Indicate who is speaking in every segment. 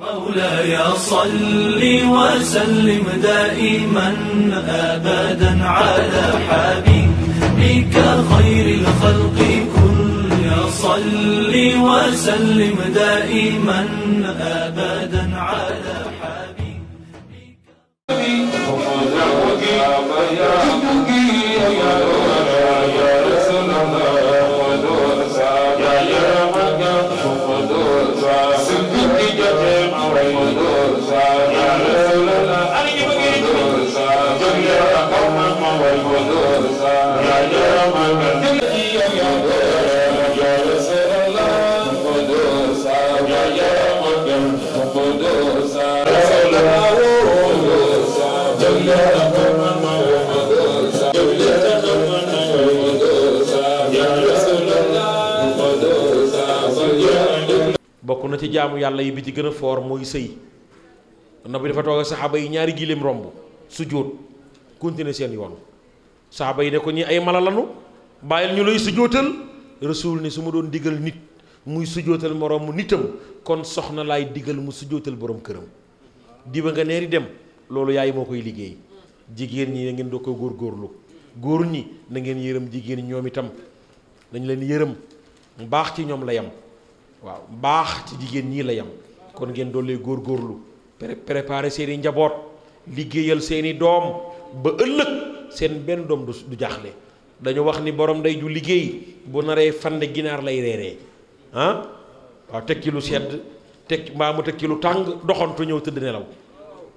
Speaker 1: مولاي صل وسلم دائما ابدا على حبيبك خير الخلق كل صل وسلم دائما ابدا على حبيبك bokk na ci jaamu yàlla yi bi ci gën a foor mooy sëy na bi dafa toog saxaaba yi ñaari giléem romb su jóot continuer seen yoon saaba yi ne ko ñi ay mala lanu bàyyil ñu lay sujootal rasul ne su ma doon digal nit muy sujootal moroomu nitam kon soxna laay digal mu sujootal boroom këram diba nga neeri dem loolu yaay moo koy liggéey jigéen ñi na ngeen doo ko góor góorlu góor ñi na ngeen yërëm jigéen ñoom itam nañ leen yërëm baax ci ñoom la yam waaw baax ci jigéen ñii la yam kon ngeen góor góorlu pré préparer seeni njaboot liggéeyal seeni doom ba ëllëg sen ben dom du jaaxle dañu wax ni borom day ju liggéey bu naree fande ginar lay reeree ah wa tekki lu sedd tek kilu mu tekki lu tang doxantu ñew nelaw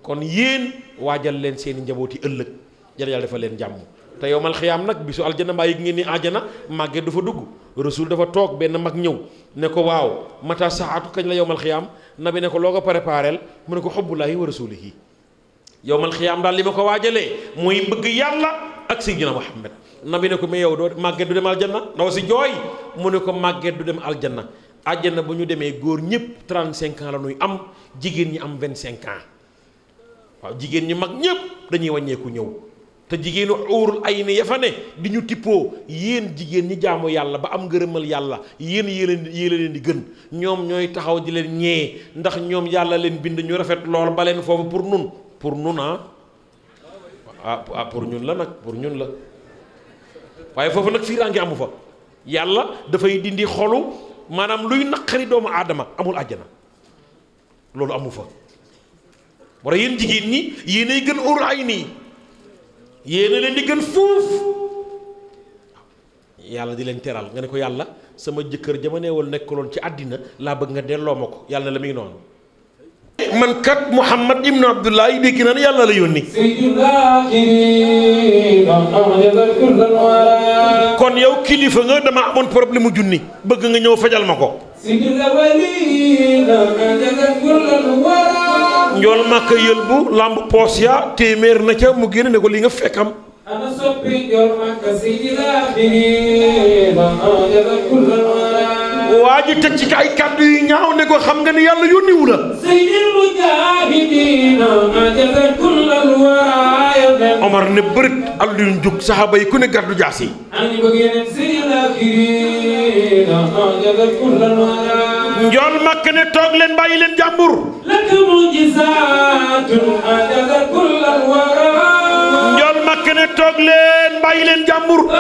Speaker 1: kon yeen wajal len senin njaboti njabooti ëllëg yalla yàlla dafa leen jàmm te yowmal mal nak bisu aljana mbaa yëg ngeen ni aljana magge du fa dugg rasul dafa tok ben mag ñew ne ko waw mata saatu kagn la yowmal mal nabi ne ko loga ko préparel mu ne ko xobbulaahi wa rasulihi yow xiyaam daal li ma ko waajalee mooy bëgg yàlla ak sayyidina na nabi ne ko mais yow doo màgget du dem aljanna ndaw si jooy mu ne ko màgget du dem aljanna aljanna bu ñu demee góor ñëpp 35 ans la ñuy am jigéen ñi am 25 ans waaw jigéen ñi mag ñëpp dañuy wàññeeku ñëw te jigéenu uurul ay ni ya fa ne di ñu tippoo yéen jigéen ñi jaamu yàlla ba am ngërëmal yàlla yéen yéen la leen di gën ñoom ñooy taxaw di leen ñee ndax ñoom yàlla leen bind ñu rafet lool ba leen foofu pour nun pour nun ah ah pour ñun la nag pour ñun la waaye foofu nag fiiraange amu fa yàlla dafay dindi xolu maanaam luy naqari doomu aadama amul àjjana loolu amu fa war a yéen jigéen ñi yéenay gën óor ay nii yéena leen di gën fuuf yàlla di leen teral nga ne ko yàlla sama jëkkër jama neewal nekkaloon ci àddina laa bëgg nga delloo ma ko yàlla la muy noonu man kat Muhammad ibnu abdullah di kinan yalla la yoni kon yow kilifa nga dama amone problème juuni beug nga ñew fajal mako ñol njool yelbu lamb posia temer na ca mu gene ne ko li nga fekkam ana soppi ñol bi ma ya kullu waa ji teg ci ay kàddu yu ñaaw ne ko xam nga ne yàlla yónniwu la sayyidil mujaahidiina majadat kullal waraaya Omar ne bërit Alioune jóg saxaaba yi ku ne gàddu jaas yi njool makk ne toog leen bàyyi leen jàmbur njool makk ne toog leen bàyyi leen jàmbur oh.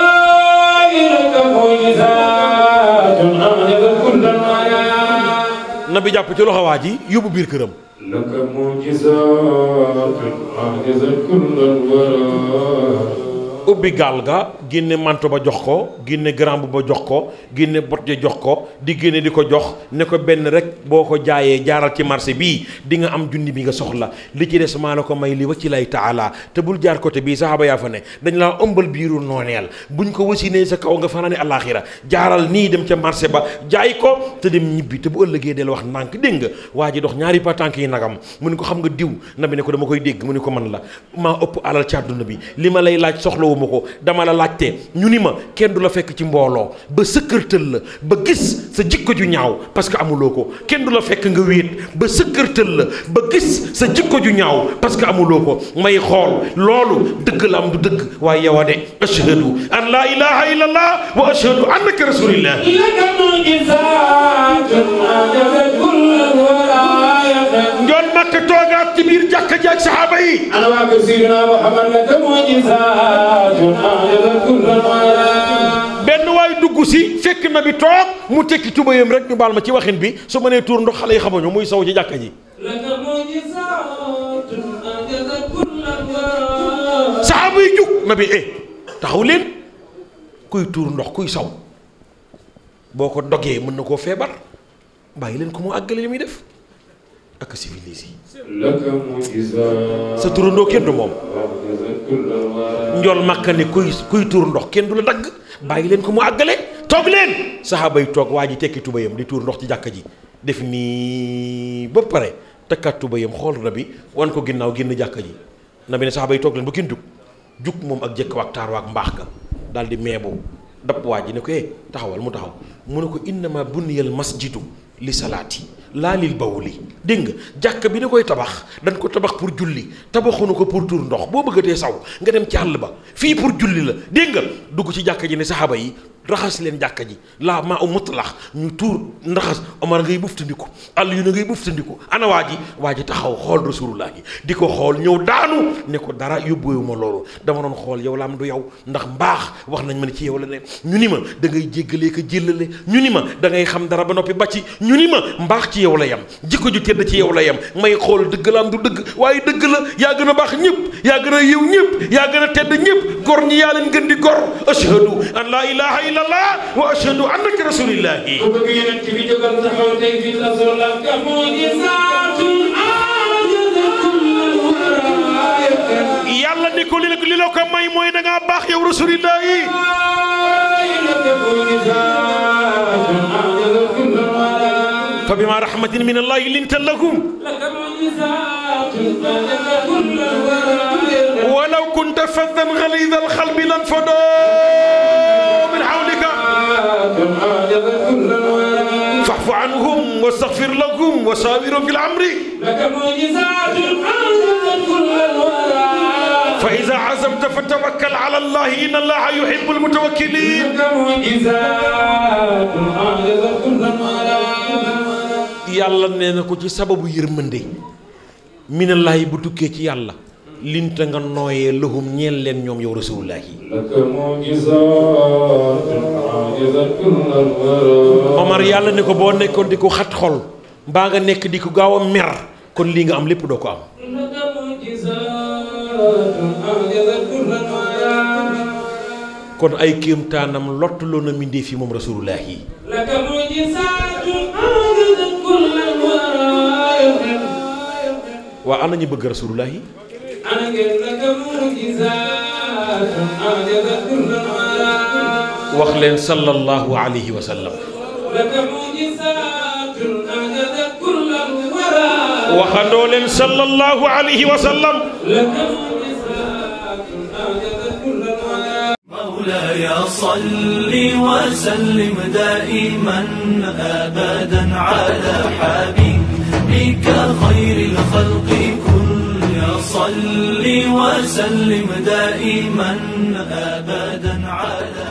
Speaker 1: na bi jàpp ci loxo waa ji yóbbu biir këram. laka mujizaatun ubbi gaal ga génne manto ba jox ko génne grand bu ba jox ko génne bot ja jox ko di génne di ko jox ne ko benn rek boo ko jaayee jaaral ci marché bii di nga am junni bi nga soxla li ci des maa la ko may li wacci lay taala te bul jaar côté bii saxaaba yaa fa ne dañ laa ëmbal biiru nooneel buñ ko wasinee sa kaw nga fanaane alaaxira jaaral nii dem ca marché ba jaay ko te dem ñibbi te bu ëllëgee del wax ndànk dégg nga waa ji dox ñaari patànk yi nagam mu ne ko xam nga diw na bi ne ko dama koy dégg mu ne ko man la maa ëpp alal ci àdduna bi li ma lay laaj soxlawu xamuma ko dama la laajte ñu ni ma kenn du la fekk ci mbooloo ba sëkkërtël la ba gis sa jikko ju ñaaw parce que amuloo ko kenn du la fekk nga wéet ba sëkkërtël la ba sa jikko ju ñaaw parce que amuloo ko may xool loolu dëgg la am du dëgg waaye yow a an laa ilaha illallah wa ashhadu annaka rasulillah Makka toogaat ci biir jàkka ji ak saxaaba yi. benn waay dugg si fekk ma bi toog mu tekki tubayam rek ñu baal ma ci waxin bi su ma nee tuur ndox xale yi xamuñu muy sow ci jàkka ji. saxaaba yi jug na bi eh taxaw leen kuy tuur ndox kuy saw boo ko dogee mën na koo feebar bàyyi leen ko mu àggale li muy def. ak civilisé. sa turandoo kenn du moom. njool màkka ne kuy kuy tuur ndox kenn du la dagg bàyyi leen ko mu àggale toog leen saxaaba toog waa ji tekki tubayam di tuur ndox ci jàkka ji def nii ba pare takkaat tubayam xool na bi wan ko ginnaaw génn jàkka ji na bi ne saxaaba toog leen ba kenn jug jug moom ak jëkk waak taar waak mbaax ga daal di meebo dab waa ji ne ko eh taxawal mu taxaw mu ne ko innama bunniyal masjidu li yi laalil bawli dégg nga jàkk bi ni koy tabax dañ ko tabax pour julli tabaxunu ko pour tuur ndox boo bëggatee saw nga dem ci àll ba fii pour julli la dégg dugg ci jàkk ji ne saxaaba yi raxas leen jàkka ji laa maa u mutlaq ñu tuur raxas Omar ngay buftandiku àll yu ne ngay buftandiku ana waa ji waa ji taxaw xool rasulullah yi di ko xool ñëw daanu ne ko dara yóbbuwu ma loolu dama doon xool yow laam du yow ndax mbaax wax nañ ma ne ci yow la ne ñu ni ma da ngay jéggalee ko jëllale ñu ni ma da ngay xam dara ba noppi bàcci ñu ni ma mbaax ci yow la yem jikko ju tedd ci yow la yem may xool dëgg laam du dëgg waaye dëgg la yaa gën a baax ñëpp yaa gën a yiw ñëpp yaa gën a tedd ñëpp gor yaa leen gën di gor إلا الله وأشهد أنك رسول الله يلا نقول لك لو كان ما يموين رسول الله فبما رحمة من الله اللي انت لكم ولو كنت فذا غليظ القلب لانفضت عنهم واستغفر لهم وساورهم في الامر لك معجزات كل الورى فاذا عزمت فتوكل على الله ان الله يحب المتوكلين لك معجزات انزلت كل الورى yàlla nee الله ko ci sababu الله minallahi bu tukkee linta nga nooyee lahum ñeel leen ñoom yow rasulullah yi Omar yàlla ne ko boo nekkoon di ko xat xol baa nga nekk di ko gaaw a mer kon lii nga am lépp doo ko am kon ay kéemtaanam lottuloo na mindee moom rasulullah yi waa ana bëgg rasulullah yi وخلين صلى الله عليه وسلم وخلين صلى الله عليه وسلم مولاي صل وسلم دائما ابدا على حبيبك خير الخلق كل صل وسلم دائما أبدا على